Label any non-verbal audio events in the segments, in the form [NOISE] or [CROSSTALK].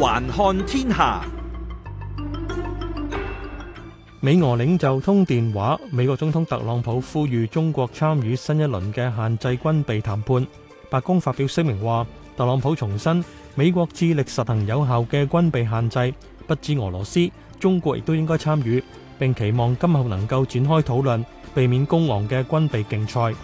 環看天下，美俄領袖通電話。美國總統特朗普呼籲中國參與新一輪嘅限制軍備談判。白宮發表聲明話，特朗普重申美國致力實行有效嘅軍備限制，不止俄羅斯，中國亦都應該參與，並期望今後能夠展開討論，避免高昂嘅軍備競賽。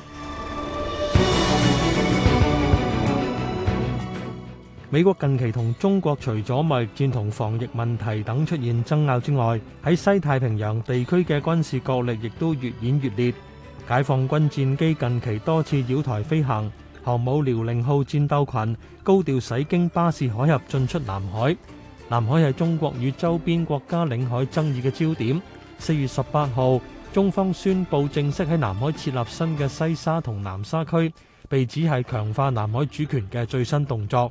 美國近期同中國除咗貿易戰同防疫問題等出現爭拗之外，喺西太平洋地區嘅軍事角力亦都越演越烈。解放軍戰機近期多次繞台飛行，航母遼寧號戰鬥群高調駛經巴士海峽進出南海。南海係中國與周邊國家領海爭議嘅焦點。四月十八號，中方宣布正式喺南海設立新嘅西沙同南沙區，被指係強化南海主權嘅最新動作。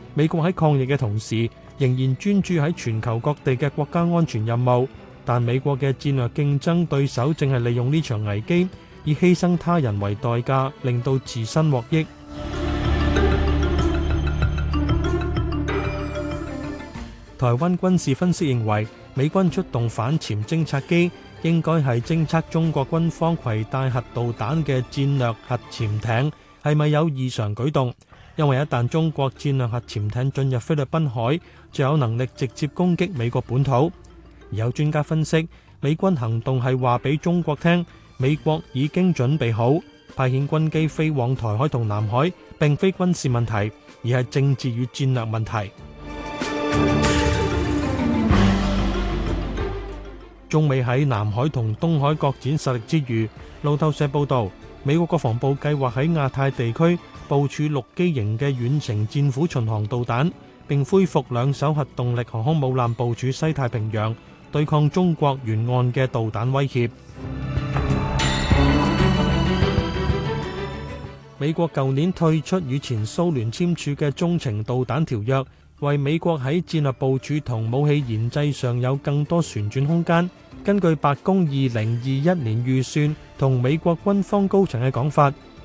美國喺抗疫嘅同時，仍然專注喺全球各地嘅國家安全任務。但美國嘅戰略競爭對手正係利用呢場危機，以犧牲他人為代價，令到自身獲益。 [MUSIC] 台灣軍事分析認為，美軍出動反潛偵察機，應該係偵測中國軍方攜帶核導彈嘅戰略核潛艇，係咪有異常舉動？因為一旦中國戰略核潛艇進入菲律賓海，就有能力直接攻擊美國本土。有專家分析，美軍行動係話俾中國聽，美國已經準備好派遣軍機飛往台海同南海，並非軍事問題，而係政治與戰略問題。中美喺南海同東海各展實力之餘，路透社報道，美國國防部計劃喺亞太地區。部署陸基型嘅遠程戰斧巡航導彈，並恢復兩艘核動力航空母艦部署西太平洋，對抗中國沿岸嘅導彈威脅。美國舊年退出與前蘇聯簽署嘅中程導彈條約，為美國喺戰略部署同武器研製上有更多旋轉空間。根據白宮二零二一年預算同美國軍方高層嘅講法，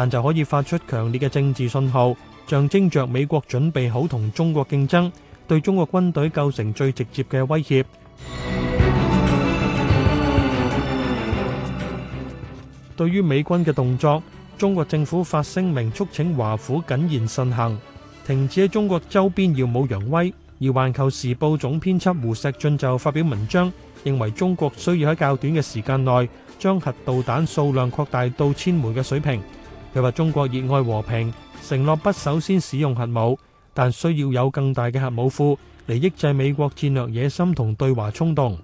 但就可以發出強烈嘅政治信號，象徵着美國準備好同中國競爭，對中國軍隊構成最直接嘅威脅。對於美軍嘅動作，中國政府發聲明促請華府謹言慎行，停止喺中國周邊耀武揚威。而環球時報總編輯胡錫進就發表文章，認為中國需要喺較短嘅時間內，將核導彈數量擴大到千枚嘅水平。佢話：中國熱愛和平，承諾不首先使用核武，但需要有更大嘅核武庫嚟抑制美國戰略野心同對華衝動。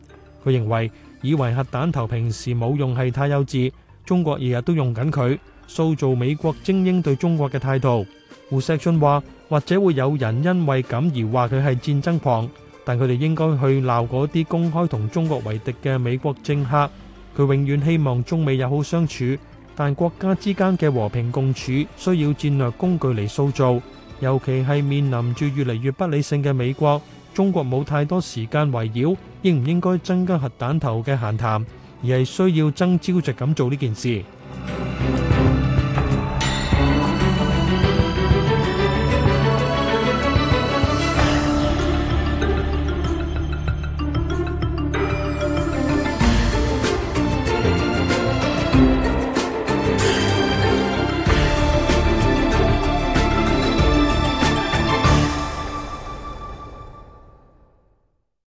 佢認為以為核彈頭平時冇用係太幼稚，中國日日都用緊佢，塑造美國精英對中國嘅態度。胡錫進話：或者會有人因為咁而話佢係戰爭狂，但佢哋應該去鬧嗰啲公開同中國為敵嘅美國政客。佢永遠希望中美友好相處。但國家之間嘅和平共處需要戰略工具嚟塑造，尤其係面臨住越嚟越不理性嘅美國，中國冇太多時間圍繞應唔應該增加核彈頭嘅閒談，而係需要爭朝夕咁做呢件事。